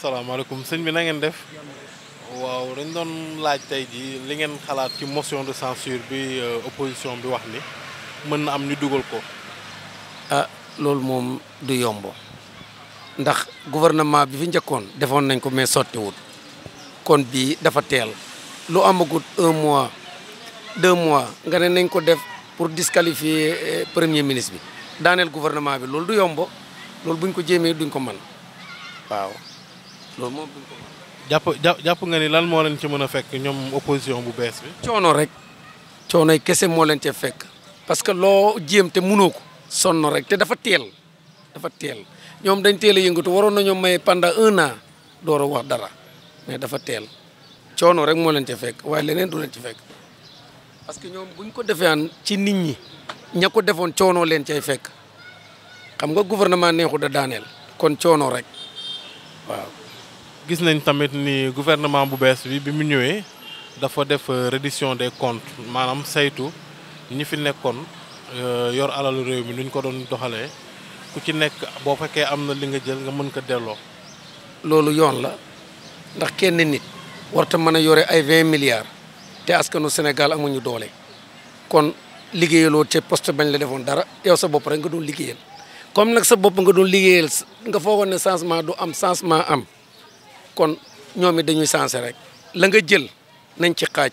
salaamaaleykum sëñ bi nangeen ngeen def waaw dañ doon laaj tey ji li ngeen xalaat ci motion de censure bi euh, opposition bi wax ni mën na am ñu dugal ko ah loolu moom du yomb ndax gouvernement bi fi njëkkoon defoon nañ ko mais sottiwut kon bii dafa teel lu amagut un mois deux mois nga ne nañ ko def pour disqualifier euh, premier ministre bi daaneel gouvernement bi loolu du yomb loolu buñ ko jéemee duñ ko mën waaw loolu moom duñ ko jàpp nga ni lan moo leen ci mën a fekk ñoom opposition bu bees bi. coono rek coonoy kese moo leen cee fekk parce que loo jéem te mënoo ko sonn rek te dafa teel dafa teel ñoom dañ teel a yëngatu waroon nañoo may pendant un door a wax dara mais dafa teel coono rek moo leen ci fekk waaye leneen du leen ci fekk parce que ñoom buñ ko defee aan ci nit ñi ña ko defoon coono leen cay fekk xam nga gouvernement neexu da daaneel kon coono rek waaw. gis nañ tamit ni gouvernement bu bees bi bi mu ñëwee dafa def euh, reddition des comptes maanaam saytu ñi fi nekkoon euh, yor alalu réew mi nuñ ko doon doxalee ku ci nekk boo fekkee am na li nga jël nga mën ko delloo loolu yoon la ndax kenn nit warta mën a yore ay vingt milliards te askanu Sénégal amuñu doole kon liggéeyaloo ca poste bañ la defoon dara yow sa bopp rek nga doon liggéeyal comme nag sa bopp nga doon liggéeyal nga foogoon ne changement du am changement am kon ñoomi dañuy sansé rek la nga jël nañ ci xaj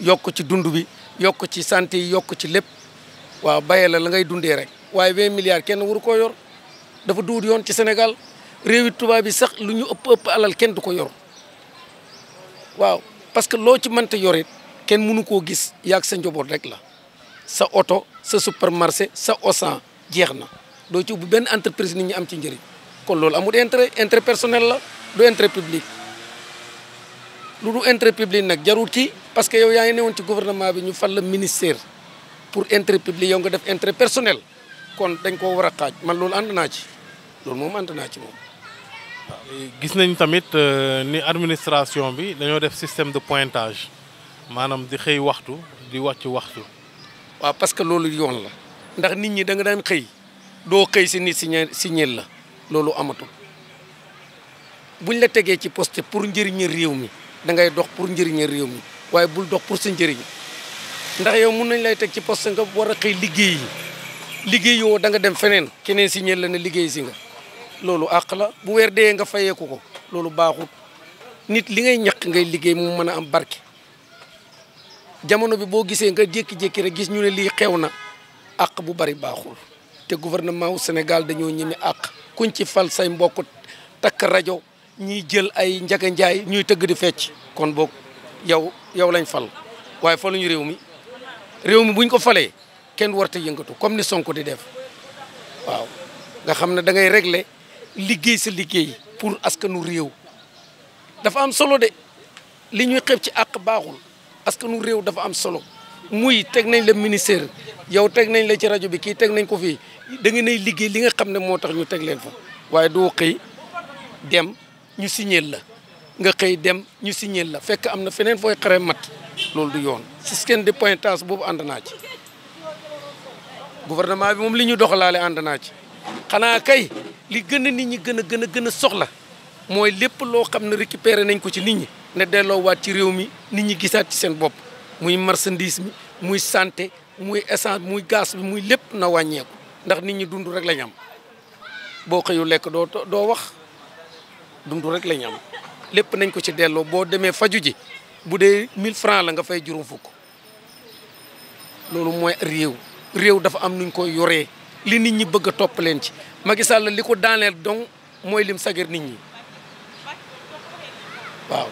yok ci dundu bi yok ci santé yok ci lepp waaw baye la la ngay dundé rek waaye 20 milliards kenn wuro ko yor dafa duut yoon ci Sénégal réewi tubaab bi sax lu ñu ëpp ëpp alal kenn duko yor waaw parce que lo ci mënta yorit kenn mënu ko gis yak sa njaboot rek la sa auto sa supermarché sa osan jeexna do ci ubbi ben entreprise nit ñi am ci njëriñ kon loolu amul intérêt intérêt personnel la du intérêt public lu du intérêt public nag jarul kii parce que yow yaa ngi newoon ci gouvernement bi ñu fal la ministère pour intérêt public yow nga def intérêt personnel kon dañ koo war a xaaj man loolu ànd naa ci loolu moom ànd naa ci moom gis nañ tamit euh, ni administration bi dañoo def système de pointage maanaam di xëy waxtu di wàcc waxtu. waa parce que loolu yoon la ndax nit ñi da nga daan xëy doo xëy si nit si ñeel la loolu amatul. buñ la tegee ci poste pour njëriñu réew mi da ngay dox pour njëriñu réew mi waaye bul dox pour sa njëriñ ndax yow mun nañ lay teg ci poste nga war a xëy liggéey yi liggéey yoo da nga dem feneen keneen si ñeel la ne liggéey si nga loolu àq la bu weer dee nga fayeeku ko loolu baaxut nit li ngay ñaq ngay liggéey mu mën a am barke jamono bi boo gisee nga jékki-jékki rek gis ñu ne lii xew na àq bu bari baaxul te gouvernement wu Sénégal dañoo ñeme àq kuñ ci fal say mbokk takk rajo ñiy jël ay njaga njaay ñuy tëgg di fecc kon boog yow yow lañ fal waaye faluñu réew mi réew mi buñ ko falee kenn war warta yëngatu comme ni Sonko di def waaw nga xam ne da ngay régler liggéey si liggéey pour askanu réew dafa am solo de li ñuy xeeb ci àq baaxul askanu réew dafa am solo muy teg nañ la ministère yow teg nañ la ci rajo bi kii teg nañ ko fii da ngeen liggéey li nga xam ne moo tax ñu teg leen fa waaye doo xëy dem ñu signer la nga xey dem ñu signer la fekk amna na feneen fooy xare mat loolu du yoon système de pointage bobu ànd naa ci gouvernement bi mom li ñu doxalaale ànd ci xana kay li gën nit ñi gën a gën gën soxla moy lepp lo xamne récupérer nañ ko ci nit ñi ne wat ci réew mi nit ñi gisaat ci sen bop muy marchandise mi muy santé muy essence muy gaz bi muy lepp na ndax nit ñi dundu rek lañ am bo xeyu lek do do wax dund rek lañ am lépp nañ ko ci delloo boo demee faju ji bu dee 1000 francs la nga fay juróom fukk loolu mooy réew réew dafa am nuñ koy yoree li nit ñi bëgg a topp leen ci Macky Sall li ko daaneel donc mooy lim sagar nit ñi waaw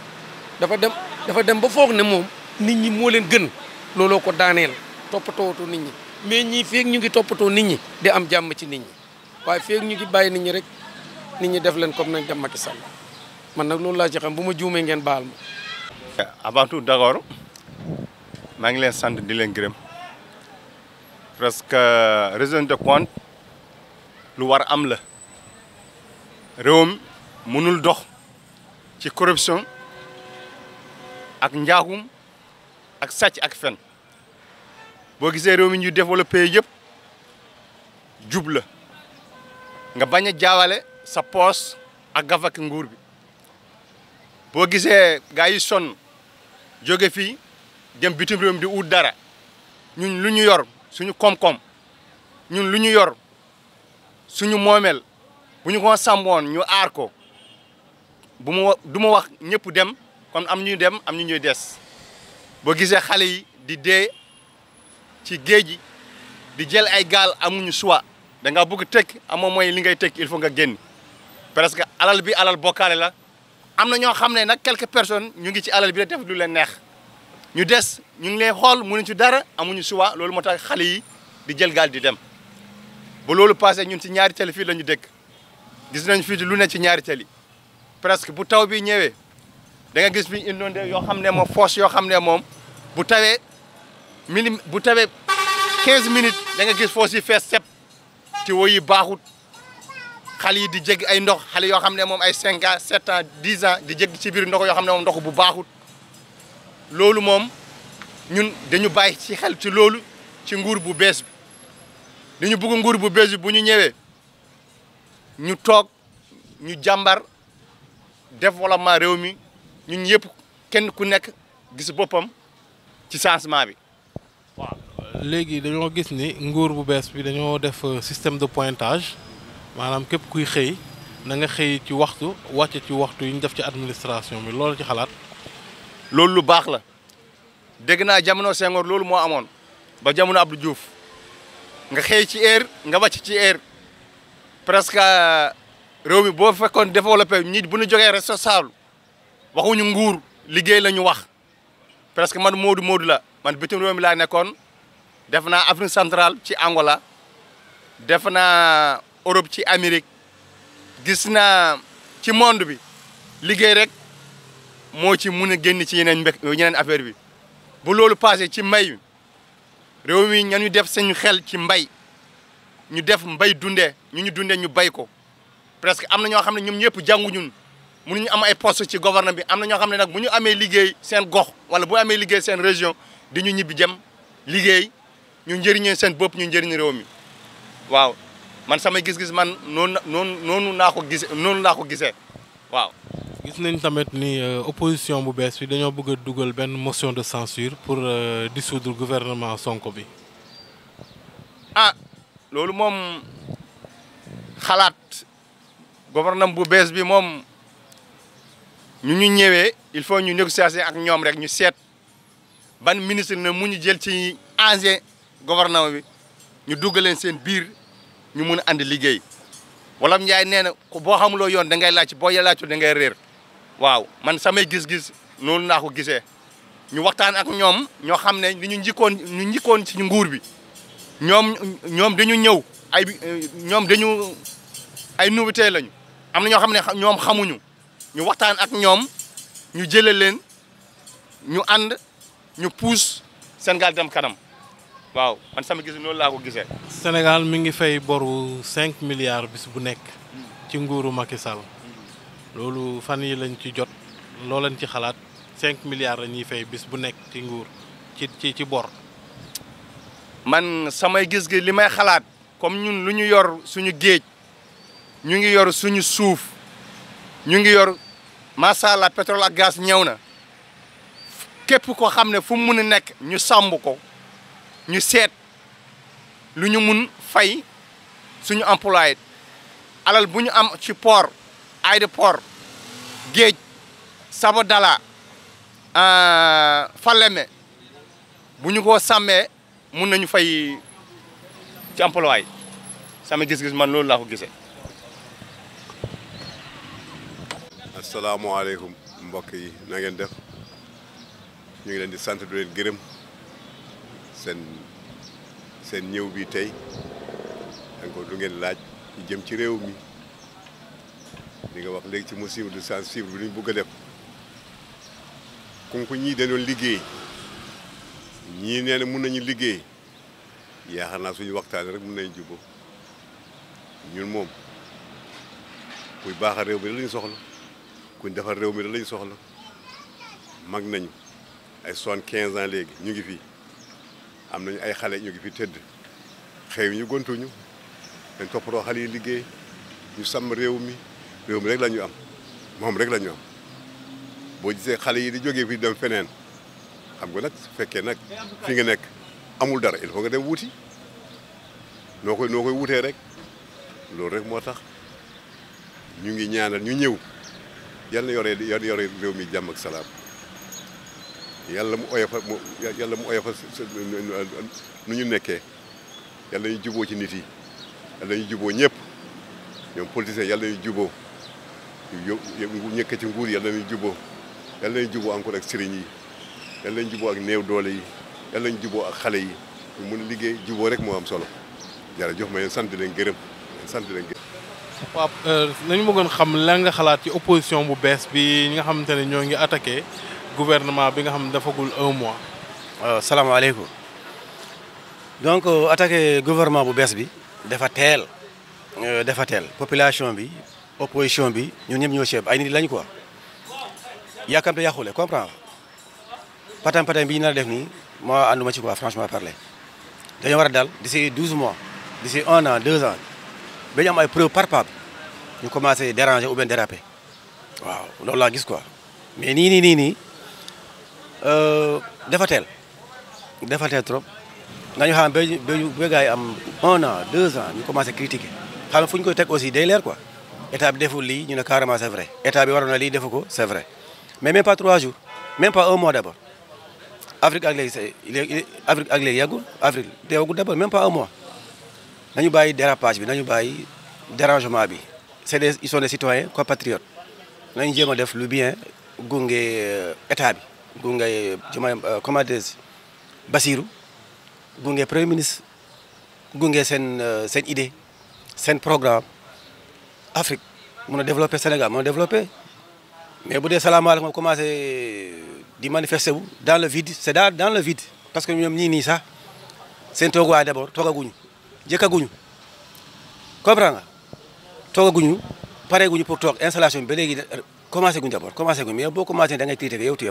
dafa dem dafa dem ba foog ne moom nit ñi moo leen gën looloo ko daaneel toppatoowatu nit ñi mais ñii feeg ñu ngi toppatoo nit ñi di am jàmm ci nit ñi waaye feeg ñu ngi bàyyi nit ñi rek nit ñu def leen comme nañ dem Macky Sall man nag loolu laa ci xam bu ma juumee ngeen baal ma. avant tout maa ngi leen sant di leen gërëm parce que région de compte lu war am la réewam mënul dox ci corruption ak njaaxum ak sàcc ak fen boo gisee réew mi ñu développé yëpp jub la nga bañ a jaawale sa pos ak gafak nguur bi bo gisee gars yi sonn jóge fii jëm bitim di ut dara ñun lu yor suñu kom kom ñun lu yor suñu momel buñu ko sambon ñu ar ko bu du wax ñepp dem kon am ñuy dem am ñuy des boo gisee yi di de ci géej di jël ay gal amuñu choix da nga bëgg tek amoo moy li ngay tek il faut nga parce que alal bi alal bokale la ñoo quelques personnes ñu ngi ci alal bi la def lu leen neex ñu des ñu ngi leen xool mënuñ ci dara amuñu suwa loolu di jël gal di dem bu loolu passé ñun ci ñaari télé gis lu ne ci ñaari télé presque bu taw bi 15 minutes da xale yi di jeg ay ndox xale yoo xam ne moom ay cinq ans sept ans dix ans di jéggi ci biir ndox yoo xam ne moom ndox bu baaxut loolu moom ñun dañu bàyyi ci xel ci loolu ci nguur bu bees bi dañu bëgg nguur bu bees bi bu ñu ñëwee ñu toog ñu jàmbar développement réew mi ñun yëpp kenn ku nekk gis boppam ci changement bi waaw léegi dañoo gis ni nguur bu bees bi dañoo def système de pointage manam kep kuy xey na nga xey ci waxtu wàcc ci waxtu yiñ def ci administration bi loolu ci xalaat. loolu lu baax la dégg naa jamono sengor loolu moo amoon ba jamono Abdou Diouf nga xey ci heure nga wacc ci heure presque euh, réew mi boo fekkoon développé nit bu ñu jógee responsable ñu nguur liggéey la ñu wax presque man Modou Modou la man bitim réew mi laa nekkoon def naa Afrique centrale ci Angola def naa. Europe ci Amérique gis naa ci monde bi liggéey rek moo ci mun a génn ci yeneen mbék yeneen affaire bi bu loolu passé ci mbay réew mi ñan ñu def sañu xel ci mbay ñu def mbay dundee ñu ñu dundee ñu bay ko presque am na ñoo xam ne ñoom ñëpp jàngu ñun mënuñu am ay poste ci gouvernement bi am na ñoo xam ne nag bu ñu amee liggéey seen gox wala bu amee liggéey seen région di ñu ñibbi jëm liggéey ñu njëriñee seen bopp ñu njëriñ réew mi waaw man sama gis-gis man non non que ko waaw. gis nañ euh, motion de censure pour euh, dissoudre gouvernement son bi. ah loolu mom xalaat gouvernement bu bi mom ñu ñu il faut ñu négocier ak ñom rek ñu ban ministre ne mu jël ci ancien gouvernement bi ñu sen bir ñu mun a ànd liggéey wala Njaay nee na boo xamuloo yoon danga ngay laaj boo laajul da ngay réer waaw man samay gis-gis noonu naa ko gisee ñu waxtaan ak ñoom ñoo xam ne li ñu njikkoon ñu nguur bi ñoom ñoom ñëw ay ñoom dañu ay nouveauté lañu am na ñoo xam ne ñoom xamuñu ñu waxtaan ak ñoom ñu jëlee leen ñu ànd ñu pousse Sénégal dem kanam waaw man sama gis loolu laa ko gisee. Sénégal mi ngi fay boru cinq milliards bis bu nekk. ci nguuru Macky Sall. loolu fan yi lañ ci jot loo leen ci xalaat cinq milliards la ñuy fay bis bu nekk ci nguur ci ci bor. man samay gis gi li may xalaat comme ñun lu ñu yor suñu géej ñu ngi yor suñu suuf ñu ngi yor macha allah pétrole ak gaz ñëw na képp ko xam ne fu mun a nekk ñu sàmb ko. ñu seet lu ñu mun fay suñu employé alal bu ñu am ci port aéroport géej dala euh, Falémé bu ñu ko sàmmee mun nañu fay ci employé sama gis-gis man loolu laa ko gisee. asalaamaaleykum mbokk yi na def ñu ngi leen di sant du leen gërëm. seen seen ñëw bi tey encore lu ngeen laaj ñu jëm ci réew mi li nga wax léegi ci motion de censure bi lu ñu bëgg a def comme que ñii dañoo liggéey ñii nee na mun nañu liggéey yaakaar naa suñu waxtaan rek mun nañu jubbo ñun moom baax a réew mi rek soxla kuñ defar réew mi rek la ñu soxla mag nañu ay soixante-quinze ans léegi ñu ngi fii am nañu ay xale ñu gi fi tëdd xëy ñu gontuñu dañ toppatoo xale yi liggéey ñu sàmm réew mi réew mi rek la am moom rek la am boo gisee xale yi di jógee fi dem feneen xam nga nag su fekkee nag fi nga nekk amul dara il faut nga dem wuti noo koy noo wutee rek loolu rek moo tax ñu ngi ñaanal ñu ñëw yal na yore yore réew mi jàmm ak salaam. yàlla mu oyofal mu yàlla mu oyofal nu ñu nekkee yàlla ñu juboo ci nit yi yàlla ñu juboo ñëpp ñoom politiciens yàlla ñu juboo ñëkk ci nguur yàlla ñu juboo yàlla ñu juboo encore ak sëriñ yi yàlla ñu juboo ak néew doole yi yàlla ñu juboo ak xale yi ñu a liggéey juboo rek moo am solo jërëjëf ma leen sant leen gërëm sant leen gërëm. waaw euh, nañu bëggoon xam lan nga xalaat ci opposition bu bees bi ñi nga xamante ne ñoo ngi attaqué. gouvernement bi nga un mois. Salam alaykoum... donc euh, attaqué gouvernement bu des bi dafa teel. Euh, dafa tel population bi opposition bi ñun ñep ñoo Ils ay nit lañ quoi comprendre patam patam bi ñu def ni mo anduma ci quoi franchement parler dañu wara dal d'ici 12 mois d'ici un an deux ans ben am ay par ñu commencé déranger ou bien déraper waaw loolu la gis quoi mais ni, ni, ni, euh, dafa teel dafa trop dañu xam ba ñu ba gars am 1 an 2 ans ñu commencé critiquer xam fuñ ñu koy teg aussi day leer quoi état bi deful li ñu ne carrément c'est vrai état bi warona li defuko c'est vrai mais même pas 3 jours même pas 1 mois d'abord Afrique ak il est Afrique ak léegi yàggul Afrique teewagul d'abord même pas 1 mois nañu bàyyi dérapage bi nañu bàyyi dérangement bi c'est des ils sont des citoyens compatriotes nañu jéem def lu bien gunge euh, état bi le le euh, premier ministre euh, idée programme Afrique on a développer Sénégal on a développer mais vous dee salaamaaleykum commencé à manifester dans le vide c'est dans le vide parce que sommes ni ça. C'est un d'abord Vous jëkkaguñu comprends nga vous pour installation pour Installation, guñu d'abord que vous mais beaucoup commencé da ngay que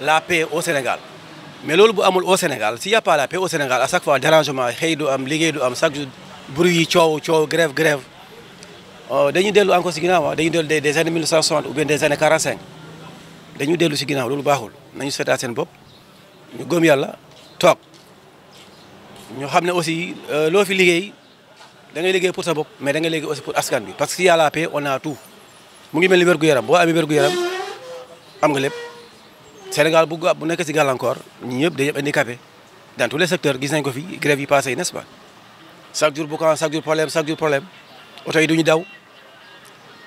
la paix au Sénégal mais loolu bu amul au Sénégal s'il y a pas la paix au Sénégal à chaque fois dérangement xëy du am liggéey du am chaque jour bruit yi coow coow grève grève euh, dañuy dellu encore si ginnaaw dañuy dellu des des années 1960 ou bien des années 45 dañu dellu si ginaaw loolu baaxul nañu seetaat seen bopp ñu gëm yàlla toog ñu xam ne aussi euh, loo fi liggéey da ngay liggéey pour sa bopp mais da ngay liggéey aussi pour askan bi parce que s'il y a la paix on a tout mu ngi mel ni wér gu yaram boo amee wér gu yaram am nga lépp. Sénégal bu bu nekk dans tous les secteurs gis nañ ko grève yi n'est-ce pas chaque jour chaque jour problème chaque jour problème yi duñu daw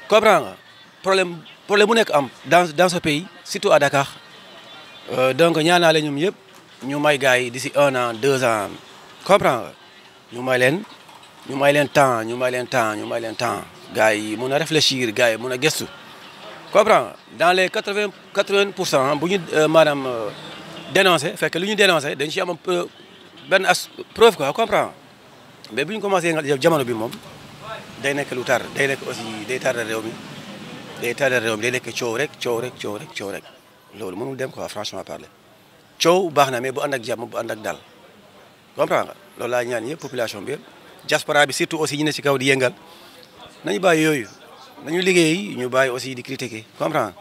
comprends Le problème problème dans dans ce pays surtout à Dakar euh, donc nous la tous, ñu d'ici un an deux ans comprends nous, ñu may nous ñu may temps ñu may temps ñu may temps réfléchir gars yi peuvent comprends dans les 80 80% quatre vingt pour cent hein, bu ñu dénoncé euh, euh, dénoncé dañ ci am ben preuve quoi comprends mais bu commencé jamono bi mom day nek lu tar day nek aussi day tardé rew mi day tardé rew mi day nek coow rek coow rek coow rek coow rek loolu mënul dem quoi franchement parler coow baax mais bu and ak jamm bu and ak dal comprends nga loolu la ñaan yëpp population bi yëpp diaspora bi surtout aussi ñi ne ci kaw di yëngal nañu bàyyi yooyu. nañu liggéey ñu bàyyi aussi di critiquer comprends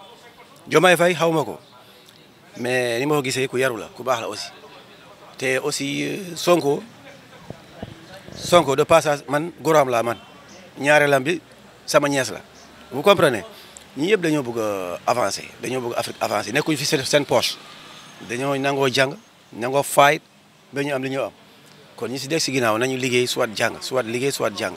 Diomaye Faye xaw ma ko mais ni ma ko gisee ku yaru la ku baax la aussi te aussi euh, Sonko Sonko de passage man góoram la man ñaareelam bi sama ñees la bu comprenez ñi yëpp dañoo bëgg a avancer dañoo bëgg Afrique avancer nekkuñu fi seen seen poche dañoo nangoo jàng nangoo fay ba ñu am li ñu am kon ñi si des si ginnaaw nañu liggéey soit jàng suwat liggéey soit jàng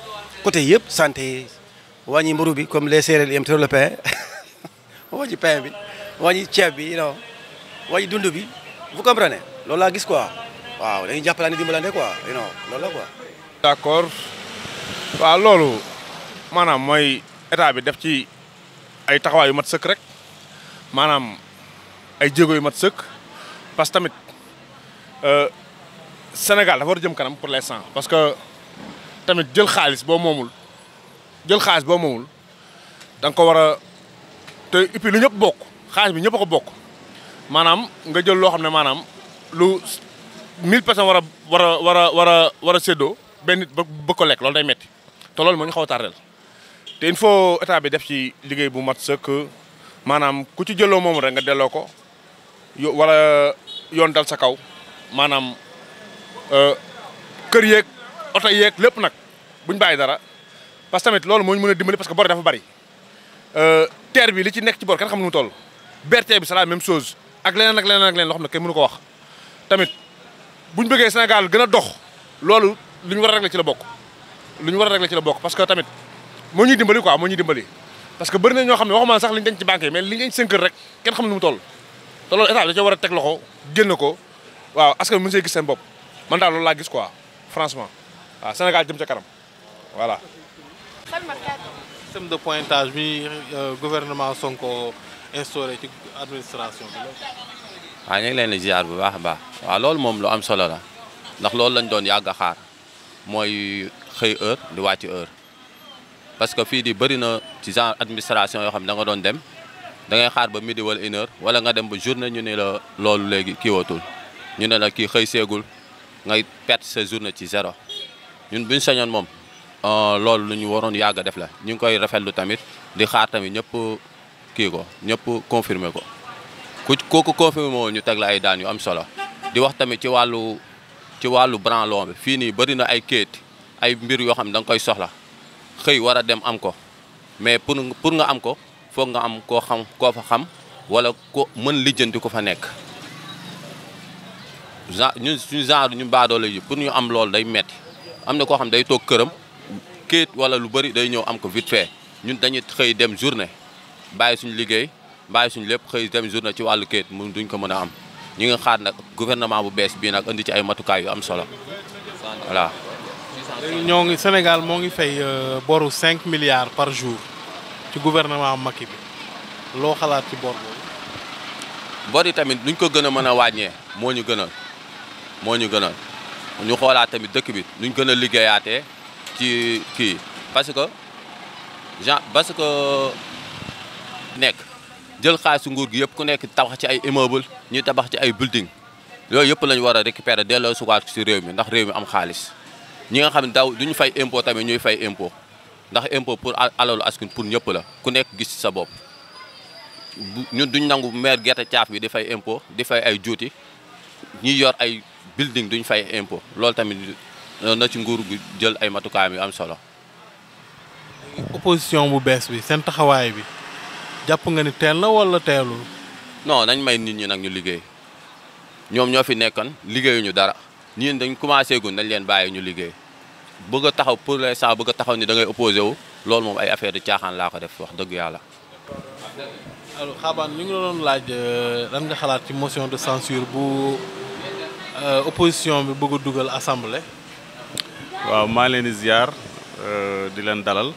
côté yëpp santé wàññi mburu bi comme les séeréer yi am le pain wàññi pain bi wàññi ceeb bi non wàññi dund bi vous comprenez loolu laa gis quoi waaw dañuy jàppalante dimbalante quoi non loolu la quoi. d' accord waaw loolu maanaam mooy état bi def ci ay taxawaay yu mat sëkk rek maanaam ay jéego yu mat sëkk parce que tamit euh, Sénégal dafa war jëm kanam pour l'instant parce tamit jël xaalis boo moomul jël xaalis boo moomul danga ko war a te et puis lu ñëpp bokk xaalis bi ñëpp a ko bokk maanaam nga jël loo xam ne maanaam lu 1000 personnes war a war a war a war a war a séddoo benn ba bëgg ko lekk loolu day metti te loolu moo ñu xaw a tardel te il faut état bi def ci liggéey bu mat sëkk maanaam ku ci jëloo moomul rek nga delloo ko wala yoon dal sa kaw maanaam euh, kër yeeg. auto yek lepp nak buñ bàyyi dara parce tamit lolu moñ ñu dimbali parce que bor dafa bari euh terre bi li ci nek ci bor kan xam nu toll berté bi c'est la même chose ak lenen ak lenen ak lenen lo xam ne kenn mënu ko wax tamit buñ bëggé Sénégal gëna dox lolu luñ wara régler ci la bok luñ wara régler ci la bok parce que tamit moñu dimbali quoi moñu dimbali parce que bëri na ñoo xam ne waxuma sax liñ dañ ci banque mais liñ ñu denc rek kenn xam nu mu toll te lolu état bi da cee war a loxo génn ko waaw askan mu mën gis sen bop man dal lolu la gis quoi franchement waaw ah, Sénégal jëm ca kanam voilà. système de pointage bi euh, gouvernement Sonko instauré ci administration bi. waaw ah, ñu ngi leen di bu baax a baax waaw loolu moom lu am solo la ndax loolu lañ doon yàgg xaar mooy xëy heure di wàcc heure parce que fii di bëri na ci genre administration yoo xam ne da doon dem da xaar ba midi wala une wala nga dem ba journée ñu ne la loolu léegi kiiwatul ñu ne la kii xëy seegul ngay perte sa journée ci zéro. ñun buñ sañoon moom euh, loolu lu ñu waroon yàgg a def la ñu ngi koy rafetlu tamit di xaar tamit ñëpp kii ko ñëpp confirmé ko ko kooku confirmer woon ñu teg la ay daan yu am solo di wax tamit ci wàllu ci wàllu branlon bi fii nii bëri na ay kéet ay mbir yoo xam ne da koy soxla xëy war a dem am ko mais pour pour nga am ko foog nga am koo xam koo fa xam wala ko mën lijjanti ko fa nekk genre ñun suñu ñu baadoo la yi pour ñu am loolu day metti am na koo xam day toog këram kayit wala lu bëri day ñëw am ko vite fait ñun dañuy xëy dem journée bàyyi suñu liggéey bàyyi suñu lépp xëy dem journée ci wàllu kayit mu duñ ko mën a am ñu ngi xaar nag gouvernement bu bees bii nag indi ci ay matukaay yu am solo voilà. ñoo ngi Sénégal moo ngi fay euh, boru 5 milliards par jour ci gouvernement Macky bi loo xalaat ci bor boobu. tamit nuñ ko gën a mën a wàññee moo ñu gënal moo ñu gënal. ñu xoolaat tamit dëkk bi nuñ gën a liggéeyaatee ci kii parce que gen parce que nekk jël xaalisu nguur gi yëpp ku nekk tabax ci ay immeuble ñuy tabax ci ay building yooyu yëpp lañu war a récupérer delloo suwaat si réew mi ndax réew mi am xaalis ñi nga xam ne daw duñu fay impôt tamit ñuy fay impôt ndax impo pour alalu askan pour ñëpp la ku nekk gis sa bopp ñun duñ nangu maire gerte caaf bi di fay impôt di fay ay juuti ñuy yor ay building duñ fay impôt loolu tamit na ci nguur gu jël ay matukaayam yu am solo. opposition bu bees bi seen taxawaay bi jàpp nga ni teel na wala teelul. no nañ may nit ñi nag ñu liggéey ñoom ñoo fi nekkan liggéeyuñu dara ñun dañ commencé gun nañ leen bàyyi ñu liggéey bëgg taxaw pour l'instant bëgg a taxaw ni dangay ngay opposé wu loolu moom ay affaire di caaxaan laa ko def wax dëgg yàlla. alors Xabane ñu la doon laaj euh, lan nga xalaat ci motion de censure bu. Euh, opposition bi bëgg duggal assemblée. waaw maa leen di ziar euh, di leen dalal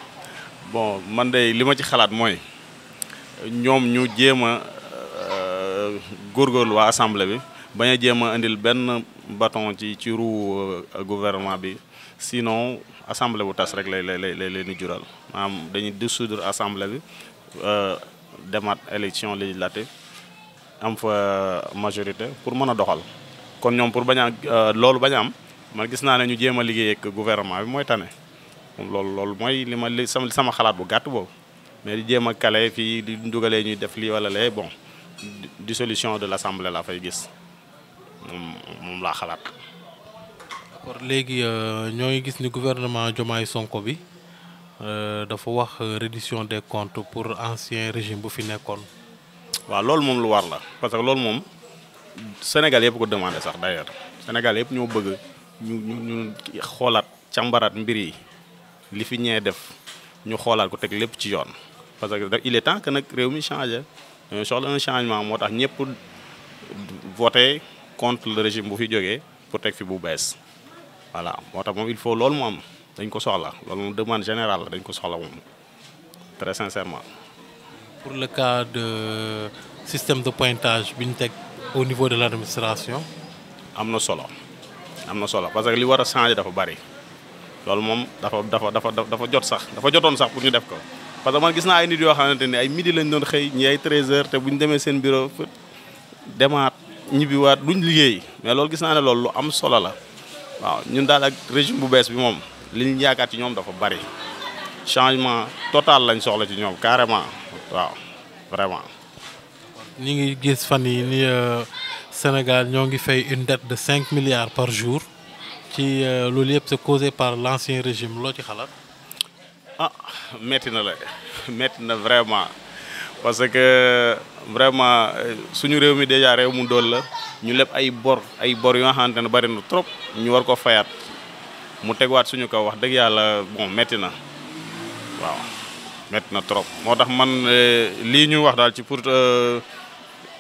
bon man de li ma ci xalaat mooy ñoom ñu jéem a euh, góorgóorlu waa assemblée bi bañ a jéem a indil benn bâton ci ci roue gouvernement bi sinon assemblée bu tas rek lay lay lay lay ñu jural maanaam dañuy dissoudre assemblée bi demaat élection législative am fa majorité pour mën a doxal kon ñom pour baña euh, lolu baña am man gis na ne ñu jéem a liggéey ak gouvernement bi moy tane lolu lolu moy lima sama sama xalaat bu gatt boobu mais di jéem a kale fii di ndugalé ñuy def li wala lé bon dissolution de l'assemblée la fay gis mom la laa xalaat. d'accord léegi euh, ñoo gis ni gouvernement jomay Sonko bi euh dafa wax euh, reddition des comptes pour ancien régime bu fi nekkoon. wa lolu mom lu war la parce que lolu mom Sénégal yëpp ko demandé sax d'ailleurs Sénégal yëpp ñoo bëgg ñu ñu ñu xoolaat càmbaraat mbir li fi ñee def ñu xoolaat ko teg lépp ci yoon parce que il est temps que nag réew mi changé dañoo euh, un changement moo tax ñëpp voté contre le régime bu fi jógee pour teg fi bu bees voilà moo tax il faut loolu mu am dañ ko soxla loolu demande générale la dañ ko soxla moom très sincèrement. pour le cas de système de pointage bi ñu au niveau de l'administration administration. solo parce que li wara a changer dafa bari mom dafa dafa dafa dafa jot sax dafa jotone sax pour ñu def ko parce que man gis na ay nit yo xamanteni ay midi lañ doon xey 13h te bu démé seen bureau ñibi ñibbiwaat duñ liggéey mais gis na né lu am solo la waaw ñun daal ak régime bu bi mom li ñu ci dafa bari changement total lañ soxla ci ñom carrément vraiment ñu ngi gis fan yi ni euh, Sénégal ñoo ngi fay une dette de cinq milliards par jour ci euh, loolu yëpp c'est causé par l'ancien régime loo ci xalaat. ah metti na la metti na vraiment parce que vraiment euh, suñu réew mi déjà réew mu dool la ñu lépp ay bor ay bor yoo xamante ne bari na trop ñu war ko fayat, mu tegwaat suñu kaw wax dëgg yàlla bon metti na waaw metti na trop moo tax man li ñu wax daal ci pour.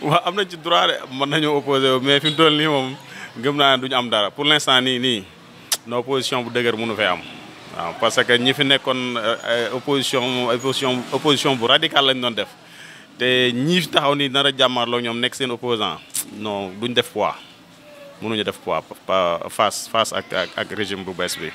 waaw am na ci droit de mën nañoo opposé wu mais fi mu nii moom gëm naa ne duñu am dara pour l'instant nii nii no opposition bu dëgër mënu fee am. waaw parce que ñi fi nekkoon euh, opposition opposition opposition bu radical lañ doon def te ñi fi taxaw ni nar a jàmmarloo ñoom nekk seen opposant non duñ def poids mënuñu def poids face face ak ak régime bu bees bi